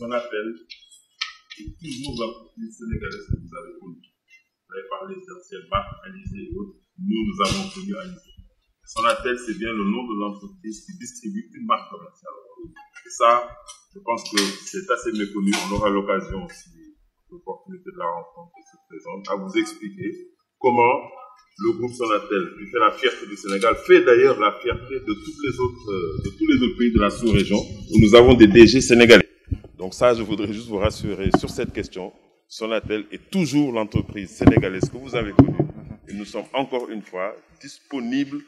son appel est toujours la sénégalaise que vous avez parlé d'Ancien Bac, Alizé et autres. Nous, avons connu Alizé. Son appel, c'est bien le nom de l'entreprise qui distribue une marque commerciale. Et ça, je pense que c'est assez méconnu. On aura l'occasion, si l'opportunité de la rencontre se présente, à vous expliquer comment le groupe s'en appelle, qui fait la fierté du Sénégal, fait d'ailleurs la fierté de, tous les autres pays de Donc ça, je voudrais juste vous rassurer sur cette question. Sonatel est toujours l'entreprise sénégalaise que vous avez connue. Et nous sommes encore une fois disponibles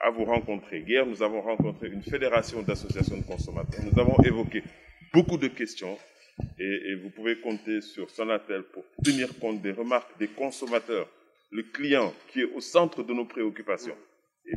à vous rencontrer. Hier, nous avons rencontré une fédération d'associations de consommateurs. Nous avons évoqué beaucoup de questions et, vous pouvez compter sur Sonatel pour tenir compte des remarques des consommateurs, le client qui est au centre de nos préoccupations. Et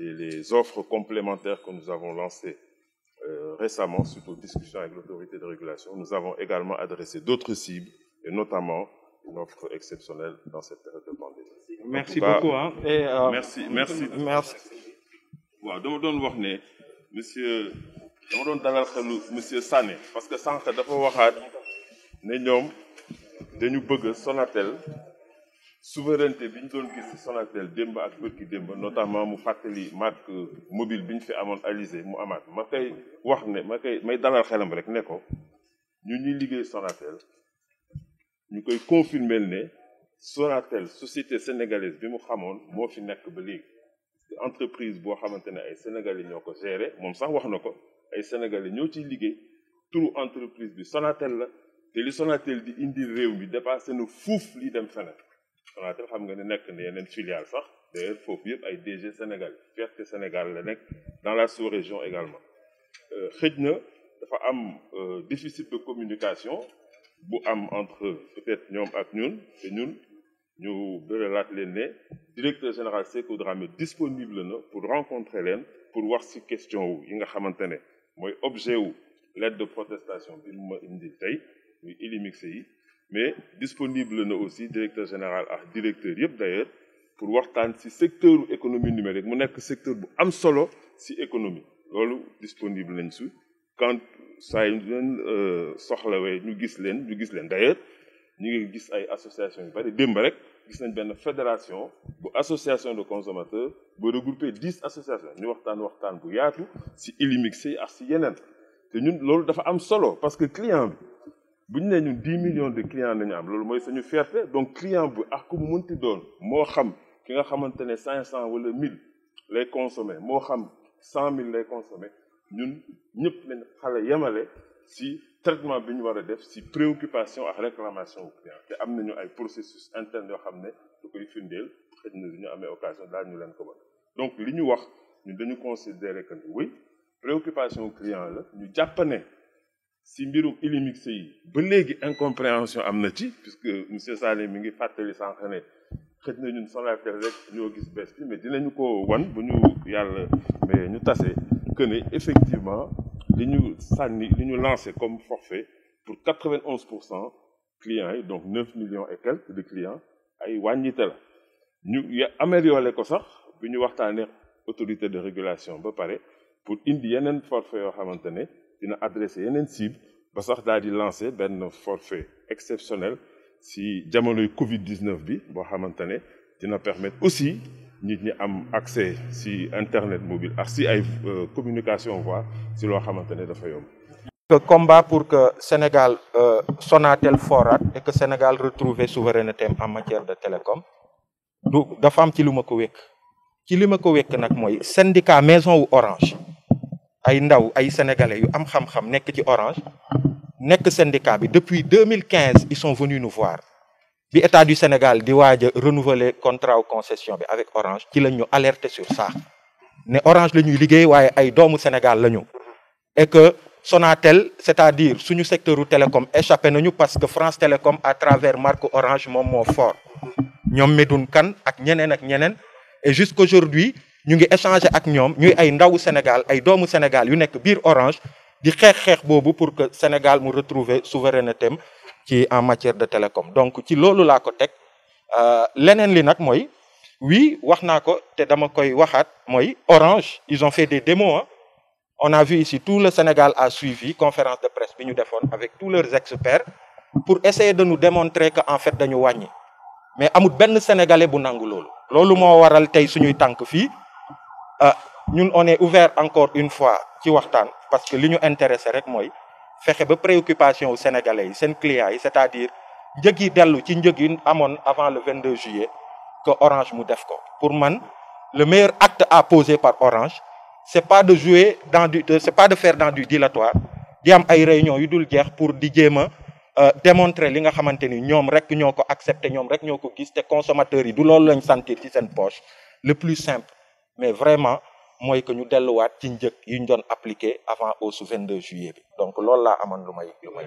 et les offres complémentaires que nous avons lancées euh, récemment suite aux avec l'autorité de régulation. Nous avons également adressé d'autres cibles, et notamment une offre exceptionnelle dans cette période de pandémie. Merci cas, beaucoup. Hein. Et, euh, merci, merci. Merci. waaw dama doon wax ne monsieur dama doon dalal xelu monsieur Sané parce que sànq dafa waxaat ne ñoom dañu bëgg Sonatel souveraineté bi ñu doon gis ci Sonatel démb ak bërki démb notamment mu fàttali marque mobile bi ñu fi amoon Alizé mu amaat ma koy wax ne ma koy may dalal xelam rek ne ko ñu ñuy liggéey Sonatel ñu koy confirmer ne Sonatel société sénégalaise bi mu xamoon moo fi nekk ba léegi entreprise boo xamante ne ay sénégalais ñoo ko géré moom sax wax na ko ay sénégali ñoo ciy liggéey turu entreprise bi Sonatel la te li Sonatel di indi réew mi dépassé na fuuf li dem fenêtre Sonatel xam nga ne nekk na yeneen filiale sax d'ailleurs foofu yëpp ay DG Sénégal fierté Sénégal la nekk dans la sous-région également euh, xëj na dafa am euh, déficit de communication bu am entre peut-être ak ñun e ñun ñu bëralaat leen ne directeur général Sékou Dramé disponible na pour rencontrer leen pour wax si question wu yi nga xamante ne mooy objet wu lettre de protestation bi mu ma indi tey muy illimixé yi mais disponible na aussi directeur général ak directeur yëpp d'ailleurs pour waxtaan ci secteur économie numérique mu nekk secteur bu am solo ci économie loolu disponible nañ su quand saa yu leen euh, soxlawee ñu gis leen ñu gis leen d'ailleurs ñu ngi gis ay association yu bari démb rek gis nañ benn fédération bu association de consommateurs bu regroupé dix associations ñu waxtaan waxtaan bu yaatu ci si ak ci yeneen te ñun loolu dafa am solo parce que client bi bu ñu nee ñun dix millions de clients nañu am loolu mooy suñu fierté donc client bu ak ku munti doon moo xam ki nga xamante ne cinq cent wala mille lay consommer moo xam cent mille lay consommer ñun ñëpp lañ xale yemale si traitement bi ñu war a def si préoccupation ak réclamation au te am nañu ay processus interne yoo xam ne su koy firndeel xëy na ñu amee occasion daal ñu leen ko mën donc li ñu wax ñu dañu considérer que oui préoccupation client la ñu jàpp si mbiru Illimix yi ba léegi incompréhension am na ci puisque monsieur Sallé mi ngi fàttali sànq ne xëj na ñun Sonatel rek ñoo gis bés bi mais dinañu ko wan bu ñu yàlla mais ñu tase que ne effectivement li ñu sànni li ñu lancé comme forfait pour quatre-vingt-onze pour cent clients yi donc neuf millions et quelques de clients ay wàññite la ñu amélioré ko sax bu ñu waxtaanee autorité de régulation ba pare pour indi yeneen forfait yoo xamante ne dina adressé yeneen cible ba sax daal di lancé benn forfait exceptionnel si jamonoy Covid 19 bi boo xamante ne dina permettre aussi nit ñi am accès si internet mobile ak si ay euh, communication voix si loo xamante ne dafa yomb. que combat pour que Sénégal euh, Sonatel forat et que Sénégal retrouve souveraineté en matière de télécom du dafa am ci lu ma ko wékk ci li ma ko wékk nag mooy syndicat maison wu Orange ay ndaw ay sénégalais yu am xam-xam nekk ci orange nekk syndicat bi depuis 2015 ils sont venus nous voir bi état du Sénégal di waaj a renouveler contrat wu concession bi avec orange ci lañ ñu alerter sur ça ne orange la ñuy liggéey waaye ay doomu Sénégal lañu et que Sonatel c'est-à-dire suñu secteur u télécom échappé nañu parce que France Télécom à travers marque orange moom moo fort ñoom Medoune Kane ak ñeneen ak ñeneen et jusqu'aujourd'hui ñu ngi échanger ak ñoom ñuy ay ndawu Sénégal ay doomu Sénégal yu nekk biir Orange di xeex xeex boobu pour que Sénégal mu retrouver souveraineté am ci en matière de télécom donc ci loolu laa ko teg euh, leneen li nag mooy wii wax naa ko te dama koy waxaat mooy Orange ils ont fait des démos on a ici tout le Sénégal a suivi conférence de presse bi ñu defoon avec tous leurs experts pour essayer de nous démontrer que en fait dañu wàññi mais amul benn sénégalais bu nangu loolu. loolu moo waral tey suñuy tànk fii. Euh, ñun on est ouvert encore une fois ci waxtaan parce que li ñu intéressé rek mooy fexe ba préoccupation wu sénégalais yi seen clients yi c'est-à-dire njëg yi dellu ci njëg yi amoon avant le 22 juillet que Orange mu def ko pour man le meilleur acte à poser par Orange c'est pas de jouer dans du c'est pas de faire dans du dilatoire di am ay réunion yu dul jeex pour di jéem a euh, démontrer li nga xamante ni ñoom rek ñoo ko accepter ñoom rek ñoo ko gis te consommateurs yi du loolu lañ sentir seen poche le plus simple mais vraiment mooy que ñu delluwaat ci njëkk yu ñu doon appliqué avant au su 22 juillet bi donc loolu laa amoon lu may lu may